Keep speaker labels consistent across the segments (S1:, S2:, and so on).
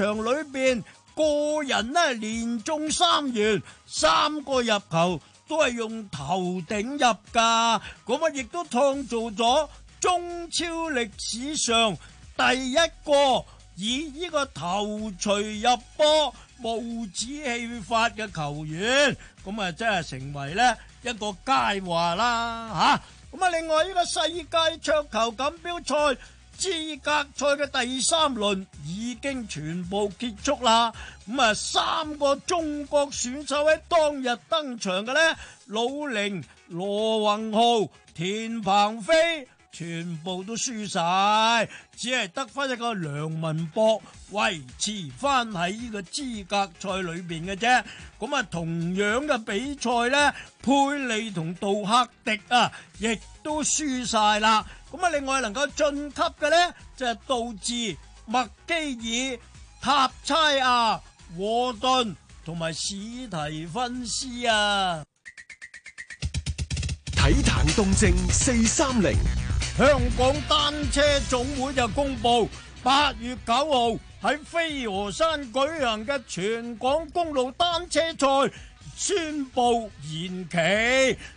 S1: 場裏邊個人咧，連中三元，三個入球都係用頭頂入噶，咁啊亦都創造咗中超歷史上第一個以呢個頭錘入波帽子戲法嘅球員，咁啊真係成為咧一個佳話啦吓。咁啊，另外呢個世界桌球錦標賽。資格賽嘅第三輪已經全部結束啦，咁啊三個中國選手喺當日登場嘅呢，魯寧、羅弘昊、田鵬飛。全部都輸晒，只係得翻一個梁文博維持翻喺呢個資格賽裏邊嘅啫。咁啊，同樣嘅比賽咧，佩利同杜克迪啊，亦都輸晒啦。咁啊，另外能夠晉級嘅咧，就係杜志、麥基爾、塔差亞、禾頓同埋史提芬斯啊。體壇動靜四三零。香港單車總會就公布，八月九號喺飛鵝山舉行嘅全港公路單車賽宣布延期。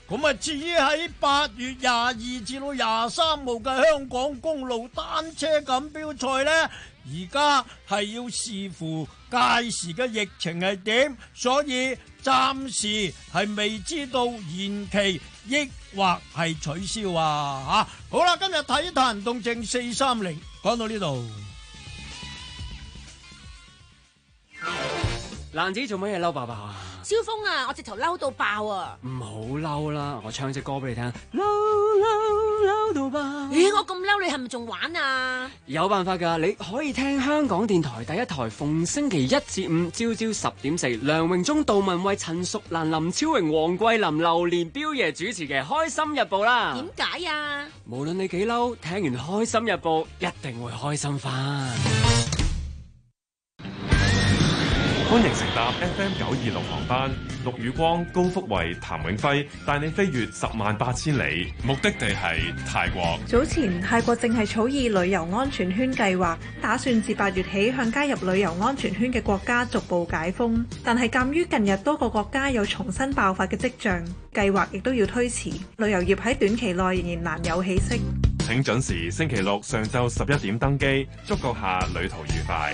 S1: 咁啊，至於喺八月廿二至到廿三號嘅香港公路單車錦標賽呢？而家係要視乎屆時嘅疫情係點，所以暫時係未知道延期抑或係取消啊？吓，好啦，今日睇彈動靜四三零，講到呢度。男子做乜嘢嬲爸爸啊？蕭峰啊，我直頭嬲到爆啊！唔好嬲啦，我唱隻歌俾你聽。嬲嬲到爆！咦、欸，我咁嬲，你係咪仲玩啊？有辦法噶，你可以聽香港電台第一台逢星期一至五朝朝十點四，梁榮忠、杜文偉、陳淑蘭、林超榮、黃桂林、榴蓮標爺主持嘅《開心日報》啦。點解啊？無論你幾嬲，聽完《開心日報》一定會開心翻。歡迎乘搭 FM 九二六航班，陸宇光、高福慧、譚永輝帶你飛越十萬八千里，目的地係泰國。
S2: 早前泰國正係草擬旅遊安全圈計劃，打算自八月起向加入旅遊安全圈嘅國家逐步解封，但係鑒於近日多個國家有重新爆發嘅跡象，計劃亦都要推遲。旅遊業喺短期內仍然難有起色。
S1: 請準時星期六上晝十一點登機，祝閣下旅途愉快。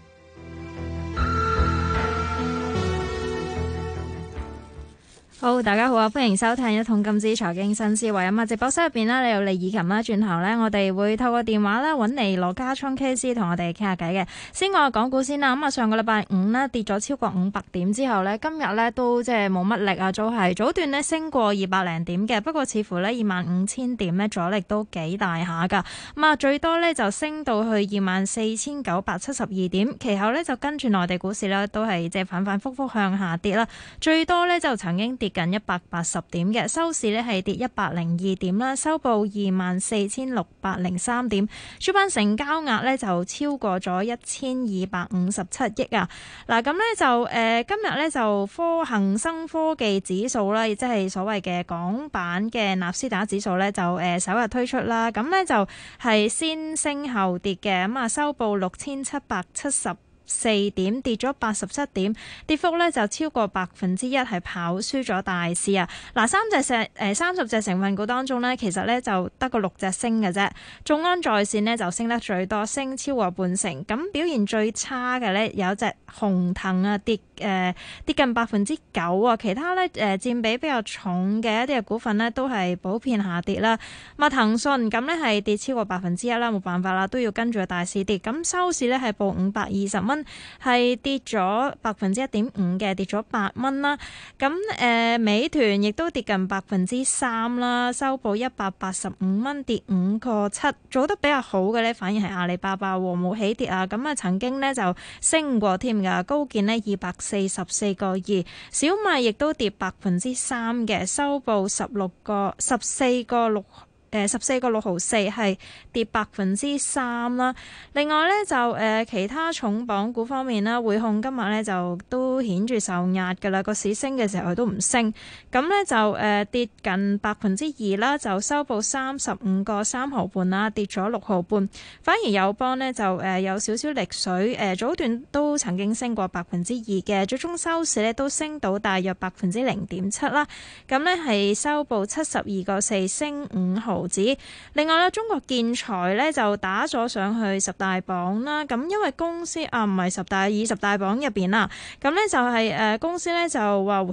S2: 好，oh, 大家好啊！歡迎收聽《一桶金之財經新思維》。咁啊，直播室入邊呢，你有李以琴啦，轉頭咧，我哋會透過電話咧揾你羅家聰 K 師同我哋傾下偈嘅。先講下港股先啦，咁啊，上個禮拜五呢，跌咗超過五百點之後呢，今日呢都即係冇乜力啊，都係早段呢升過二百零點嘅，不過似乎呢二萬五千點呢阻力都幾大下噶。咁啊，最多呢就升到去二萬四千九百七十二點，其後呢就跟住內地股市呢，都係即係反反复覆向下跌啦，最多呢就曾經跌。近一百八十點嘅收市呢係跌一百零二點啦，收報二萬四千六百零三點，主板成交額呢就超過咗一千二百五十七億啊！嗱，咁呢就誒今日呢，就科恒生科技指數啦，亦即係所謂嘅港版嘅納斯達指數呢，就誒首日推出啦，咁呢就係先升後跌嘅，咁啊收報六千七百七十。四點跌咗八十七點，跌幅呢就超過百分之一，係跑輸咗大市啊！嗱，三隻成誒三十隻成分股當中呢，其實呢就得個六隻升嘅啫。眾安在線呢就升得最多，升超過半成。咁表現最差嘅呢，有一隻紅騰啊跌。誒、呃，跌近百分之九啊！其他咧，誒、呃，佔比比較重嘅一啲嘅股份呢，都係普遍下跌啦。啊，騰訊咁呢，係跌超過百分之一啦，冇辦法啦，都要跟住個大市跌。咁、嗯、收市呢，係報五百二十蚊，係跌咗百分之一點五嘅，跌咗八蚊啦。咁、嗯、誒、呃，美團亦都跌近百分之三啦，收報一百八十五蚊，跌五個七。做得比較好嘅呢，反而係阿里巴巴，和冇起跌啊。咁、嗯、啊，曾經呢，就升過添噶，高見呢二百。四十四個二，2，小米亦都跌百分之三嘅，收報十六個十四個六，誒十四個六毫四，係跌百分之三啦。另外咧就誒、呃、其他重磅股方面啦，匯控今日咧就都。顯著受壓嘅啦，個市升嘅時候佢都唔升，咁呢就誒、呃、跌近百分之二啦，就收報三十五個三毫半啦，跌咗六毫半。反而友邦呢，就誒、呃、有少少力水，誒、呃、早段都曾經升過百分之二嘅，最終收市呢都升到大約百分之零點七啦，咁呢係收報七十二個四，升五毫子。另外呢，中國建材呢就打咗上去十大榜啦，咁因為公司啊唔係十大、二十大榜入邊啦，咁呢。就係、是、誒、呃，公司咧，就話，呃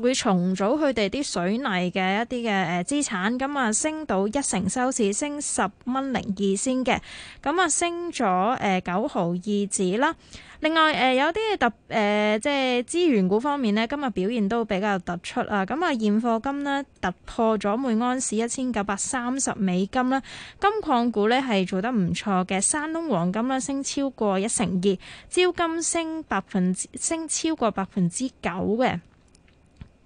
S2: 會重組佢哋啲水泥嘅一啲嘅誒資產，咁啊升到一成收市，升十蚊零二先嘅，咁啊升咗誒九毫二指啦。另外誒有啲特誒即係資源股方面呢，今日表現都比較突出啊。咁啊，現貨金呢，突破咗每安士一千九百三十美金啦，金礦股呢，係做得唔錯嘅。山東黃金呢升超過一成二，招金升百分之升超過百分之九嘅。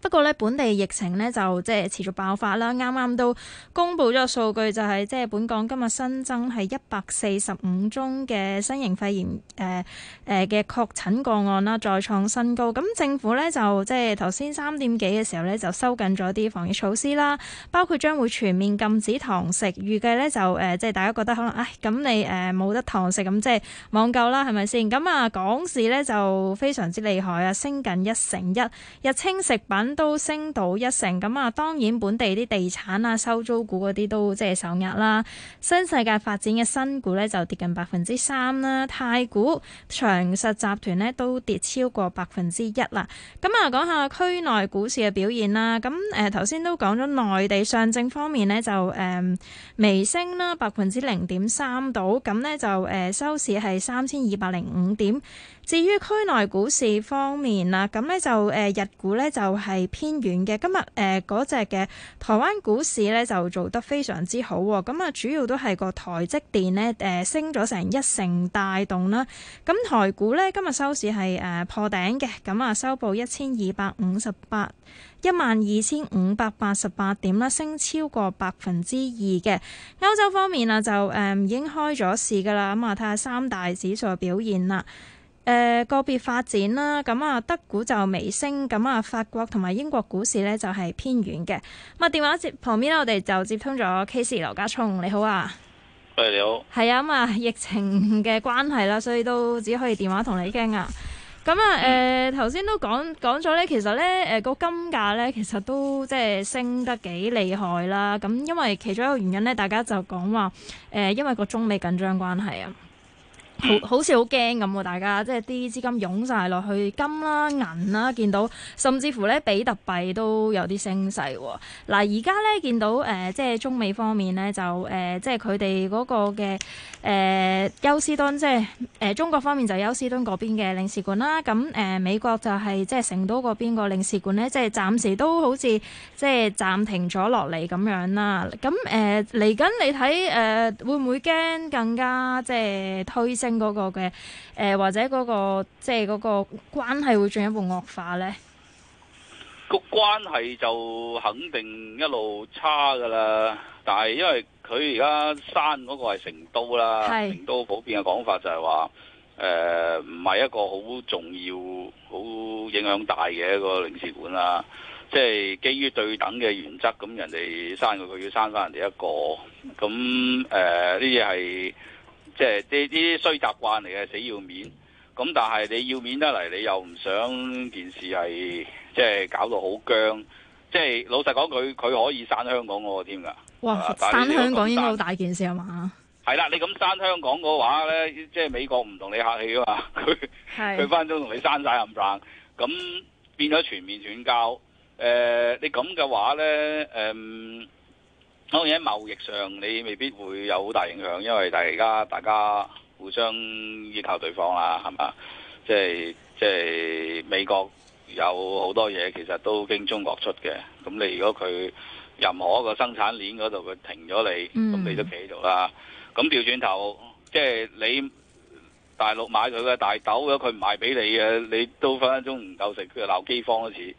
S2: 不過咧，本地疫情咧就即係持續爆發啦。啱啱都公布咗個數據，就係即係本港今日新增係一百四十五宗嘅新型肺炎誒誒嘅確診個案啦，再創新高。咁政府咧就即係頭先三點幾嘅時候咧就收緊咗啲防疫措施啦，包括將會全面禁止堂食。預計咧就誒即係大家覺得可能唉，咁、哎、你誒冇、呃、得堂食咁即係網購啦，係咪先？咁啊，港視咧就非常之厲害啊，升緊一成一。日清食品。都升到一成咁啊！當然本地啲地產啊、收租股嗰啲都即係受壓啦。新世界發展嘅新股咧就跌近百分之三啦。太古長實集團咧都跌超過百分之一啦。咁啊，講下區內股市嘅表現啦。咁誒頭先都講咗內地上證方面咧就誒、嗯、微升啦，百分之零點三度。咁咧、嗯、就誒、嗯、收市係三千二百零五點，至於區內股市方面啊，咁、嗯、咧就誒、嗯、日股咧就係、是。係偏遠嘅，今日誒嗰隻嘅台灣股市呢，就做得非常之好、哦，咁啊主要都係個台積電呢，誒、呃、升咗成一成帶動啦，咁台股呢，今日收市係誒、呃、破頂嘅，咁啊收報一千二百五十八一萬二千五百八十八點啦，升超過百分之二嘅。歐洲方面啊就誒、呃、已經開咗市噶啦，咁啊睇下三大指數嘅表現啦。誒個別發展啦，咁啊德股就微升，咁啊法國同埋英國股市咧就係偏軟嘅。咁啊電話接旁邊咧，我哋就接通咗 Casey 羅家聰，你好啊，
S3: 喂，你好，
S2: 係啊咁啊疫情嘅關係啦，所以都只可以電話同你傾啊。咁啊誒頭先都講講咗咧，其實咧誒個金價咧其實都即係升得幾厲害啦。咁因為其中一個原因咧，大家就講話誒因為個中美緊張關係啊。好似好驚咁喎，大家即係啲資金湧晒落去金啦、啊、銀啦、啊，見到甚至乎咧比特幣都有啲升勢喎。嗱、啊，而家咧見到誒、呃、即係中美方面咧就誒、呃、即係佢哋嗰個嘅誒、呃、休斯敦，即係誒、呃、中國方面就休斯敦嗰邊嘅領事館啦、啊。咁、嗯、誒、呃、美國就係、是、即係成都嗰邊個領事館咧，即係暫時都好似即係暫停咗落嚟咁樣啦、啊。咁誒嚟緊你睇誒、呃、會唔會驚更加即係推升？嗰個嘅誒、呃，或者嗰、那個即係嗰個關係會進一步惡化咧？
S3: 個關係就肯定一路差噶啦。但係因為佢而家閂嗰個係成都啦，是成都普遍嘅講法就係話誒唔係一個好重要、好影響大嘅一個領事館啦。即係基於對等嘅原則，咁人哋閂佢，佢要閂翻人哋一個，咁誒呢嘢係。呃即係啲啲衰習慣嚟嘅，死要面。咁但係你要面得嚟，你又唔想件事係即係搞到好僵。即係老實講，佢佢可以刪香港嗰個添㗎。啊、哇！刪香港應該
S2: 好大件事吖嘛？
S3: 係啦，你咁刪香港嘅話咧，即係美國唔同你客氣啊嘛。佢佢翻中同你刪曬冚唪唥，咁變咗全面斷交。誒、呃，你咁嘅話咧，誒、嗯。當然喺貿易上，你未必會有好大影響，因為大家大家互相依靠對方啦，係嘛？即係即係美國有好多嘢，其實都經中國出嘅。咁你如果佢任何一個生產鏈嗰度佢停咗你，咁你都企喺度啦。咁調轉頭，即係你大陸買佢嘅大豆，如果佢唔賣俾你嘅，你都分分鐘唔夠食，佢鬧饑荒都似。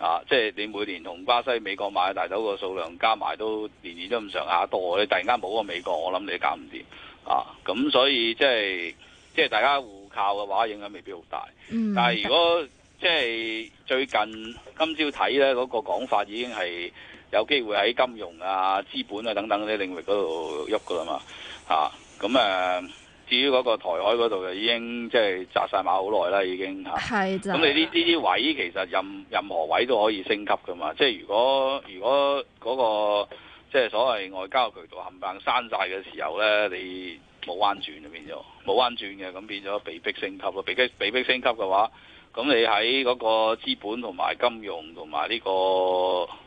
S3: 啊！即係你每年同巴西、美國買大豆個數量加埋都年年都咁上下多，你突然間冇個美國，我諗你搞唔掂啊！咁所以即係即係大家互靠嘅話，影響未必好大。但係如果即係最近今朝睇咧，嗰、那個講法已經係有機會喺金融啊、資本啊等等啲領域嗰度喐㗎喇嘛啊！咁誒、啊。至於嗰個台海嗰度就已經即係紮晒馬好耐啦，已經嚇。係咁的你呢啲位其實任任何位都可以升級噶嘛。即係如果如果嗰、那個即係所謂外交渠道冚唪唥刪曬嘅時候咧，你冇彎轉就變咗冇彎轉嘅，咁變咗被迫升級咯。被迫被迫升級嘅話，
S1: 咁你喺
S3: 嗰個資本同埋金融同埋呢個誒、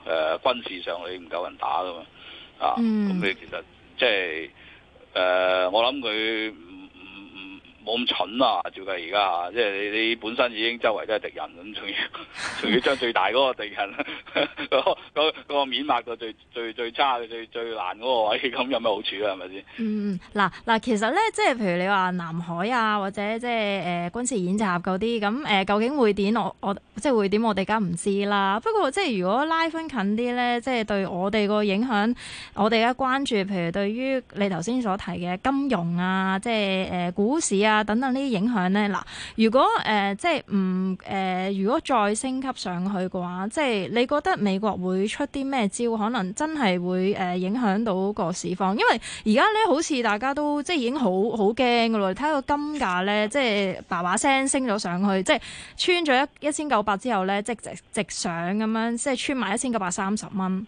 S3: 呃、軍事上你唔夠人打噶嘛啊？咁你、嗯、其實即係誒、呃、我諗佢。冇咁蠢啊！照計而家，即係你你本身已經周圍都係敵人，咁仲要仲要將最大嗰個敵人、 嗰嗰、嗰個、面抹到最最最差嘅最最難嗰個位，咁有咩好處啊？係咪先？
S2: 嗯，嗱嗱，其實咧，即係譬如你話南海啊，或者即係誒軍事演習嗰啲，咁誒究竟會點我？我我即係會點？我哋而家唔知啦。不過即係如果拉分近啲咧，即係對我哋個影響，我哋而家關注，譬如對於你頭先所提嘅金融啊，即係誒股市啊。啊！等等呢啲影響咧嗱，如果誒、呃、即係唔誒，如果再升級上去嘅話，即係你覺得美國會出啲咩招？可能真係會誒、呃、影響到個市況，因為而家咧好似大家都即係已經好好驚噶咯。你睇個金價咧，即係叭叭聲升咗上去，即係穿咗一一千九百之後咧，即直直上咁樣，即係穿埋一千九百三十蚊。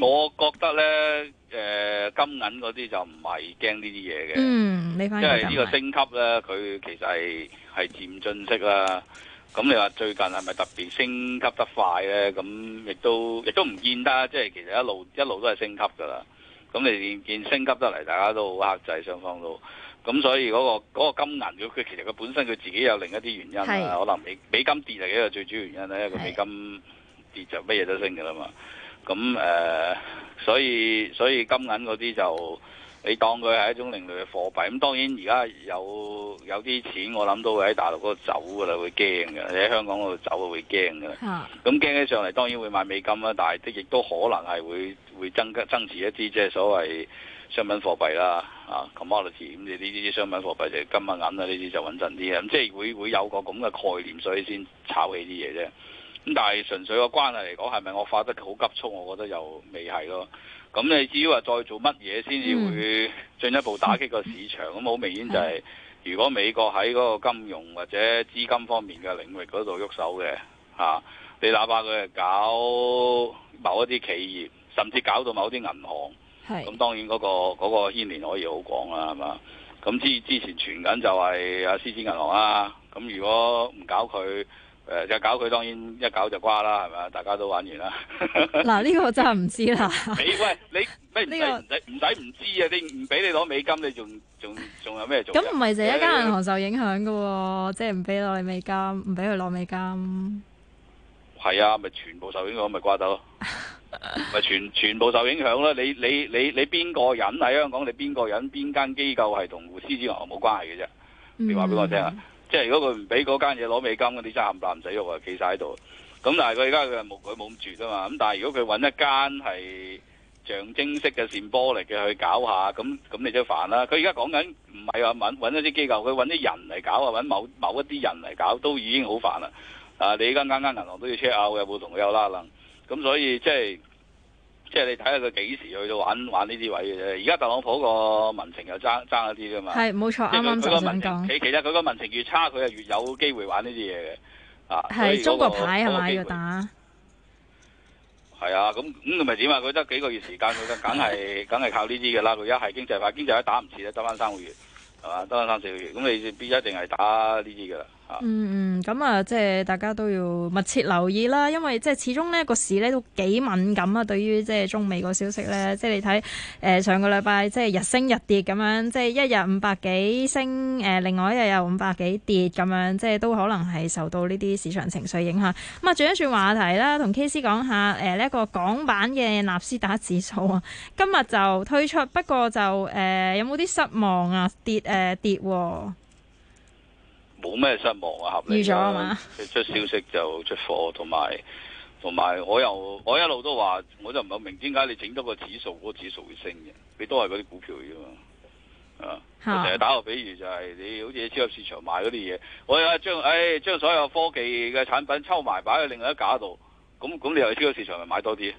S3: 我覺得咧，誒、呃、金銀嗰啲就唔係驚呢啲嘢嘅，嗯、因為呢個升級咧，佢 其實係係漸進式啦。咁你話最近係咪特別升級得快咧？咁亦都亦都唔見得，即係其實一路一路都係升級噶啦。咁你見見升級得嚟，大家都好克制，雙方都。咁所以嗰、嗰個嗰個金銀，佢其實佢本身佢自己有另一啲原因可能是美美金跌嚟嘅一個最主要原因咧，個美金跌就乜嘢都升嘅啦嘛。咁誒、呃，所以所以金銀嗰啲就你當佢係一種另類嘅貨幣。咁當然而家有有啲錢，我諗都會喺大陸嗰度走㗎啦，會驚嘅。你喺香港嗰度走啊，會驚㗎。咁驚起上嚟，當然會買美金啦。但係亦都可能係會會增加增持一啲即係所謂商品貨幣啦。啊，commodity。咁你呢啲商品貨幣就係金啊銀啊呢啲就穩陣啲呀。咁即係會會有個咁嘅概念，所以先炒起啲嘢啫。咁但係純粹個關係嚟講，係咪我發得好急促？我覺得又未係咯。咁你至於話再做乜嘢先至會進一步打擊個市場？咁好、嗯、明顯就係、是，嗯、如果美國喺嗰個金融或者資金方面嘅領域嗰度喐手嘅嚇、啊，你哪怕佢搞某一啲企業，甚至搞到某啲銀行，咁是當然嗰、那個嗰、那個牽連可以好廣啦、啊，係嘛？咁之之前傳緊就係啊，獅子銀行啦，咁如果唔搞佢。誒，就搞佢，當然一搞就瓜啦，係咪啊？大家都玩完啦。嗱，呢
S2: 個我真係唔知啦。你
S3: 喂，你咩唔使唔使唔知啊？你唔俾，你攞美金，你仲仲仲有咩做？咁唔係就一間銀行受
S2: 影響噶，即係唔俾攞你美金，唔俾佢攞美金。
S3: 係啊，咪全部受影響咪瓜到，咪 全全部受影響啦！你你你你邊個人喺香港？你邊個人邊間機構係同獅子銀行冇關係嘅啫？你話俾我聽啊！嗯即係如果佢唔俾嗰間嘢攞美金，嗰啲真係唔使用啊，企晒喺度。咁但係佢而家佢冇佢冇咁絕啊嘛。咁但係如果佢揾一間係象徵式嘅線波嚟嘅去搞下，咁咁你就煩啦。佢而家講緊唔係話揾揾一啲機構，佢揾啲人嚟搞啊，揾某某一啲人嚟搞，都已經好煩啦。啊，你而家間間銀行都要 check account 嘅，有冇同佢有拉楞。咁所以即係。即係你睇下佢幾時去到玩玩呢啲位嘅啫。而家特朗普個民情又爭爭一啲噶嘛？係冇錯，啱啱就想講。你其實佢個民情越差，佢係越有機會玩呢啲嘢嘅。啊，係、嗰個、中國牌係咪？要打？係啊，咁咁佢咪點啊？佢得幾個月時間，佢梗係梗係靠呢啲嘅啦。佢而家係經濟牌，經濟牌打唔切，得翻三個月，係嘛？得翻三四個月。咁你必一定係打呢啲嘅啦。
S2: 嗯嗯，咁、嗯、啊，即係大家都要密切留意啦，因為即係始終呢個市呢都幾敏感啊，對於即係中美個消息呢，即係你睇誒、呃、上個禮拜即係日升日跌咁樣，即係一日五百幾升，誒、呃、另外一日又五百幾跌咁樣，即係都可能係受到呢啲市場情緒影響。咁、嗯、啊，轉一轉話題啦，同 KC 講下誒呢一個港版嘅納斯達指數啊，今日就推出，不過就誒、呃、有冇啲失望啊？跌誒跌。呃跌啊
S3: 冇咩失望啊，合理啊，出、啊、出消息就出貨，同埋同埋我又我一路都話，我就唔係明點解你整多個指數，嗰、嗰個指數會升嘅，你都係嗰啲股票啫嘛、啊，啊，成日、啊、打個比喻就係、係、你好似喺超級市場買嗰啲嘢，我有一誒將所有科技嘅產品抽埋擺喺另外一架度，咁咁你又喺超級市場咪買多啲？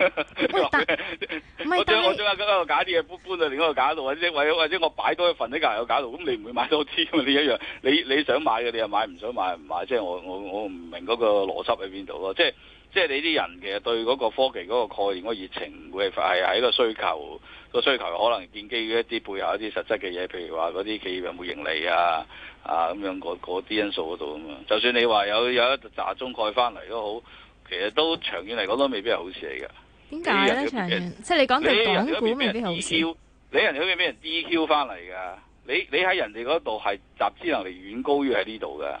S3: 唔係，我將是我將一間個假啲嘢搬搬到另一個假度，或者或者我擺多一份喺隔籬個假度，咁你唔會買多啲嘛？呢一樣，你你想買嘅你又買，唔想買唔買。即係我我我唔明嗰個邏輯喺邊度咯？即係即係你啲人其實對嗰個科技嗰個概念嗰個熱情，佢係係一個需求，個需求可能建基於一啲背後一啲實質嘅嘢，譬如話嗰啲企業有冇盈利啊啊咁樣嗰啲因素嗰度啊嘛。就算你話有有一紮中概翻嚟都好，其實都長遠嚟講都未必係好事嚟嘅。點
S2: 解咧？長遠遠，即係你講到
S3: 港股俾人，人 DQ，你人哋俾人 DQ 翻嚟噶，你你喺人哋嗰度係集資能力遠高於喺呢度噶。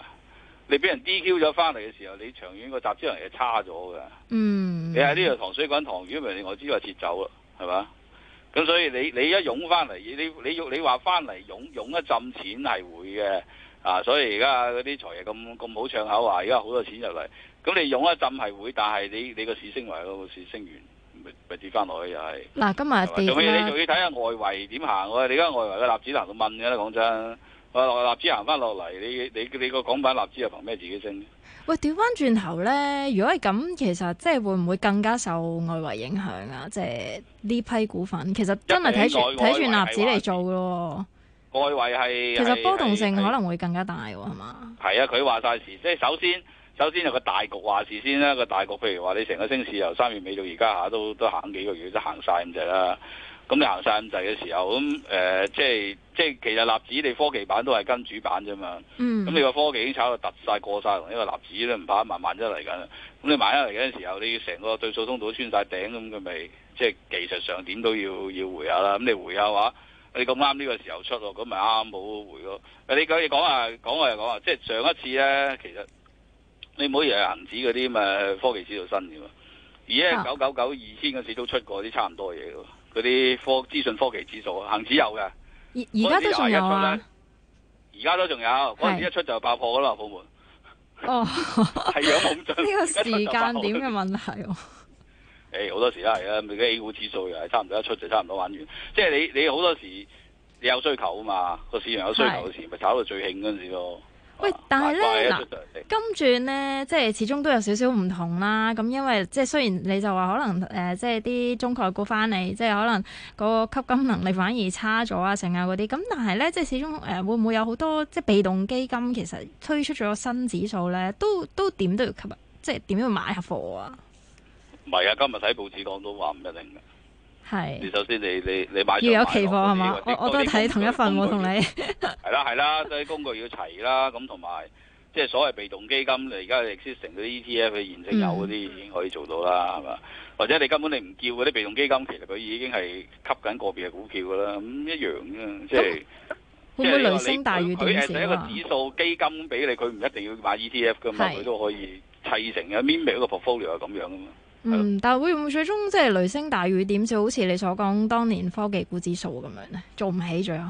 S3: 你俾人 DQ 咗翻嚟嘅時候，你長遠個集資能力係差咗噶。嗯。
S2: 你喺呢度
S3: 塘水滾塘魚，咪我知話撤走啦，係嘛？咁所以你你一湧翻嚟，你你你話翻嚟湧湧一浸錢係會嘅。啊，所以而家嗰啲財爺，咁咁好唱口話，而家好多錢入嚟。咁你湧一浸係會，但係你你市個市升埋，個市升完。咪跌翻落去又係。嗱，今日跌啦。仲要你仲要睇下外圍點行喎？你而家外圍嘅納指行到問嘅、啊、啦，講真。我話納指行翻落嚟，你你你個港版納指又憑咩自己升
S2: 喂？調翻轉頭咧，如果係咁，其實即係會唔會更加受外圍影響啊？即係呢批股份，其實真係睇住睇住納指嚟做
S3: 嘅外圍係、啊、其實波動
S2: 性可能會更加大喎，係嘛？
S3: 係啊，佢話晒事，即係首先。首先有個大局話事先啦。個大局譬如話，你成個升市由三月尾到而家下，都都行幾個月，都行晒咁滯啦。咁你行晒咁滯嘅時候，咁誒、呃、即係即係其實納指你科技板都係跟主板啫嘛。咁你個科技已經炒到突晒過晒，同呢個納指咧唔怕慢慢即係嚟緊。咁你慢啲嚟緊嘅時候，你成個對數通道穿晒頂咁，佢咪即係技術上點都要要回下啦。咁你回下話你咁啱呢個時候出咯，咁咪啱好回咯。你講嘢講啊，講啊又講啊，即係上一次咧，其實。其實你唔好以為恒指嗰啲咁啊科技指數新嘅喎，而家九九九二千嘅市都出過啲差唔多嘢嘅，嗰啲科資訊科技指數恒指有嘅，
S2: 而家現在 但 都仲
S3: 有而家都仲有，嗰陣時一出就爆破嘅啦，泡沫。哦，係樣呢個
S2: 時間點嘅問題。誒、
S3: 欸，好多時都係啊，啲 A 股指數又係差唔多一出就差唔多玩完， 即係你你好多時你有需求啊嘛，個市場有需求嘅時咪炒到最興嗰陣時咯。
S2: 喂，但係咧嗱，乖喏今轉咧，即係始終都有少少唔同啦。咁因為即係雖然你就話可能誒、呃，即係啲中概股翻嚟，即係可能個吸金能力反而差咗啊，成啊嗰啲。咁但係咧，即係始終誒、呃，會唔會有好多即係被動基金其實推出咗新指數咧，都都點都要吸啊，即係點樣買下貨啊？
S3: 唔係啊，今日睇報紙講都話唔一定嘅。係，你首先你你你買要有期貨係嘛？我我都睇同
S2: 一份我同你。
S3: 係啦係啦，所以工具要齊啦，咁同埋即係所謂被動基金，你而家嘅 e x c e 啲 ETF 佢現成有嗰啲已經可以做到啦，係嘛？或者你根本你唔叫嗰啲被動基金，其實佢已經係吸緊個別嘅股票噶啦，咁一樣啫。
S1: 即係會唔會雷聲大雨點小啊？佢係一個指
S3: 數基金俾你，佢唔一定要買 ETF 噶嘛，佢都可以砌成嘅。Minimum 嘅 portfolio 係咁樣噶嘛。
S2: 嗯，但會唔會最終即係雷聲大雨點小，好似你所講當年科技股指數咁樣咧，做唔起最後？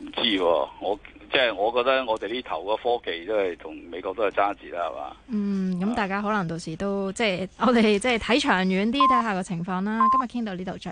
S3: 唔知喎，我即係我覺得我哋呢頭嘅科技都係同美國都係揸住啦，係嘛？嗯，
S2: 嗯，咁大家可能到時都即係我哋即係睇長遠啲，睇下個情況啦。今日傾到呢度再。